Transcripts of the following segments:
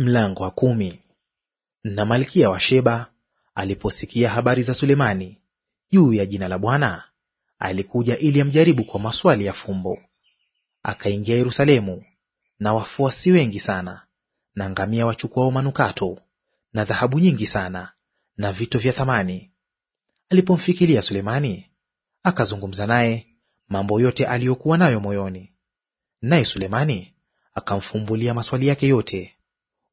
Mlango wa kumi. Na malkia wa Sheba aliposikia habari za Sulemani juu ya jina la Bwana, alikuja ili amjaribu kwa maswali ya fumbo. Akaingia Yerusalemu na wafuasi wengi sana, na ngamia wachukuao manukato, na dhahabu nyingi sana, na vito vya thamani. Alipomfikilia Sulemani, akazungumza naye mambo yote aliyokuwa nayo moyoni. Naye Sulemani akamfumbulia maswali yake yote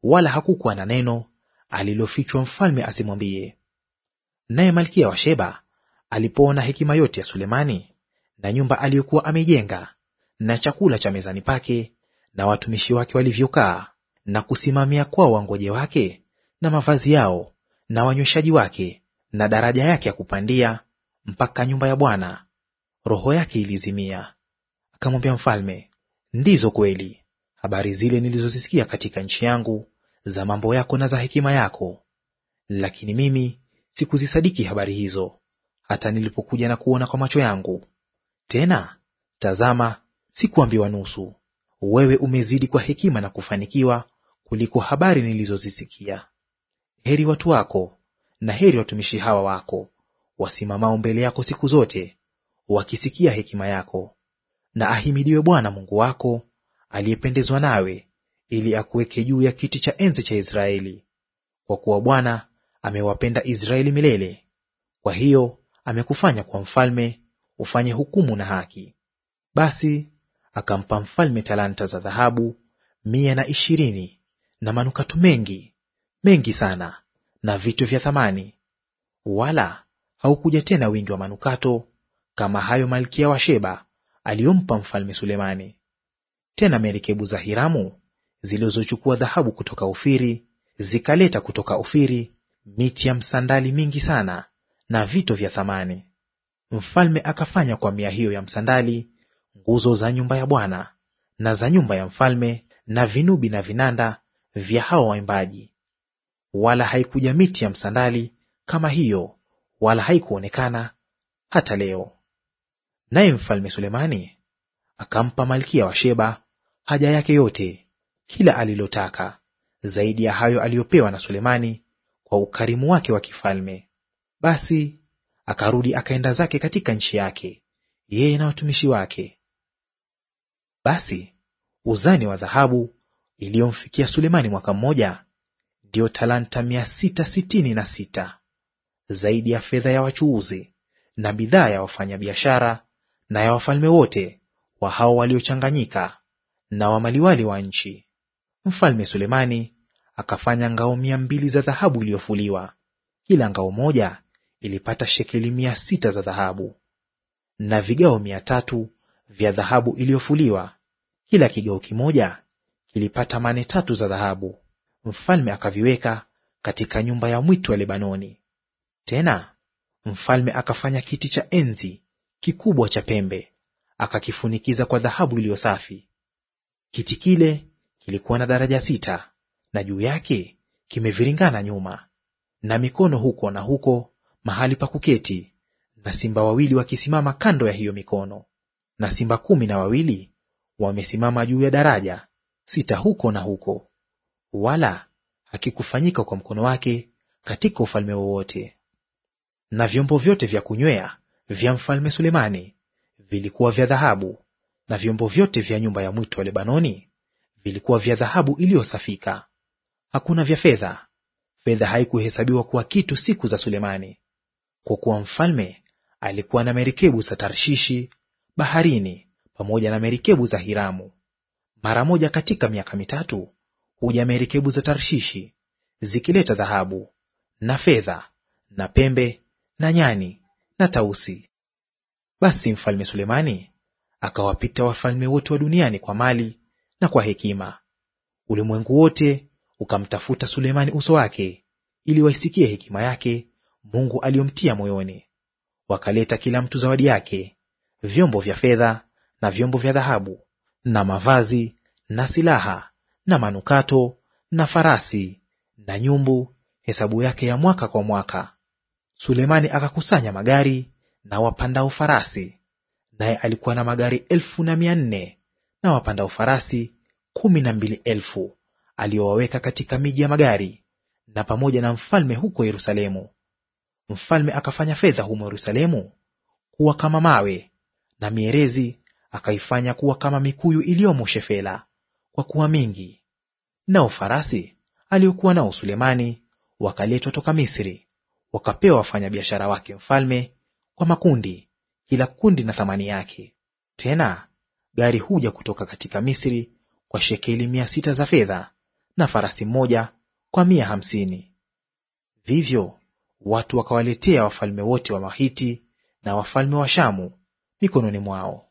wala hakukuwa na neno alilofichwa mfalme asimwambie. Naye malkia wa Sheba alipoona hekima yote ya Sulemani na nyumba aliyokuwa amejenga na chakula cha mezani pake na watumishi wake walivyokaa na kusimamia kwao wangoje wake na mavazi yao na wanyweshaji wake na daraja yake ya kupandia mpaka nyumba ya Bwana, roho yake ilizimia. Akamwambia mfalme, ndizo kweli habari zile nilizozisikia katika nchi yangu za mambo yako na za hekima yako. Lakini mimi sikuzisadiki habari hizo, hata nilipokuja na kuona kwa macho yangu. Tena tazama, sikuambiwa nusu; wewe umezidi kwa hekima na kufanikiwa kuliko habari nilizozisikia. Heri watu wako na heri watumishi hawa wako, wasimamao mbele yako siku zote, wakisikia hekima yako. Na ahimidiwe Bwana Mungu wako, aliyependezwa nawe, ili akuweke juu ya kiti cha enzi cha Israeli. Kwa kuwa Bwana amewapenda Israeli milele, kwa hiyo amekufanya kwa mfalme, ufanye hukumu na haki. Basi akampa mfalme talanta za dhahabu mia na ishirini na manukato mengi mengi sana na vitu vya thamani, wala haukuja tena wingi wa manukato kama hayo malkia wa Sheba aliyompa mfalme Sulemani. Tena merikebu za Hiramu zilizochukua dhahabu kutoka Ofiri, zikaleta kutoka Ofiri miti ya msandali mingi sana na vito vya thamani. Mfalme akafanya kwa mia hiyo ya msandali nguzo za nyumba ya Bwana na za nyumba ya mfalme na vinubi na vinanda vya hao waimbaji. Wala haikuja miti ya msandali kama hiyo, wala haikuonekana hata leo. Naye mfalme Sulemani akampa malkia wa Sheba haja yake yote kila alilotaka zaidi ya hayo aliyopewa na Sulemani kwa ukarimu wake wa kifalme. Basi akarudi akaenda zake katika nchi yake, yeye na watumishi wake. Basi uzani wa dhahabu iliyomfikia Sulemani mwaka mmoja ndiyo talanta mia sita sitini na sita, zaidi ya fedha ya wachuuzi na bidhaa ya wafanyabiashara na ya wafalme wote wa hao waliochanganyika na wamaliwali wa nchi. Mfalme Sulemani akafanya ngao mia mbili za dhahabu iliyofuliwa, kila ngao moja ilipata shekeli mia sita za dhahabu, na vigao mia tatu vya dhahabu iliyofuliwa, kila kigao kimoja kilipata mane tatu za dhahabu. Mfalme akaviweka katika nyumba ya mwitu wa Lebanoni. Tena mfalme akafanya kiti cha enzi kikubwa cha pembe, akakifunikiza kwa dhahabu iliyo safi. Kiti kile kilikuwa na daraja sita, na juu yake kimeviringana nyuma, na mikono huko na huko mahali pa kuketi, na simba wawili wakisimama kando ya hiyo mikono, na simba kumi na wawili wamesimama juu ya daraja sita huko na huko, wala hakikufanyika kwa mkono wake katika ufalme wowote. Na vyombo vyote vya kunywea vya mfalme Sulemani vilikuwa vya dhahabu, na vyombo vyote vya nyumba ya mwito wa Lebanoni vilikuwa vya dhahabu iliyosafika, hakuna vya fedha; fedha haikuhesabiwa kuwa kitu siku za Sulemani. Kwa kuwa mfalme alikuwa na merikebu za Tarshishi baharini pamoja na merikebu za Hiramu. Mara moja katika miaka mitatu huja merikebu za Tarshishi zikileta dhahabu na fedha na pembe na nyani na tausi. Basi mfalme Sulemani akawapita wafalme wote wa duniani kwa mali na kwa hekima. Ulimwengu wote ukamtafuta Sulemani uso wake, ili waisikie hekima yake Mungu aliyomtia moyoni. Wakaleta kila mtu zawadi yake, vyombo vya fedha na vyombo vya dhahabu na mavazi na silaha na manukato na farasi na nyumbu, hesabu yake ya mwaka kwa mwaka. Sulemani akakusanya magari na wapandao farasi, naye alikuwa na magari elfu na mia nne na wapanda ufarasi kumi na mbili elfu aliowaweka katika miji ya magari, na pamoja na mfalme huko Yerusalemu. Mfalme akafanya fedha humo Yerusalemu kuwa kama mawe, na mierezi akaifanya kuwa kama mikuyu iliyomo Shefela, kwa kuwa mingi. Nao farasi aliokuwa nao Sulemani wakaletwa toka Misri, wakapewa wafanyabiashara wake mfalme kwa makundi, kila kundi na thamani yake. Tena gari huja kutoka katika Misri kwa shekeli mia sita za fedha, na farasi mmoja kwa mia hamsini. Vivyo watu wakawaletea wafalme wote wa Mahiti na wafalme wa Shamu mikononi mwao.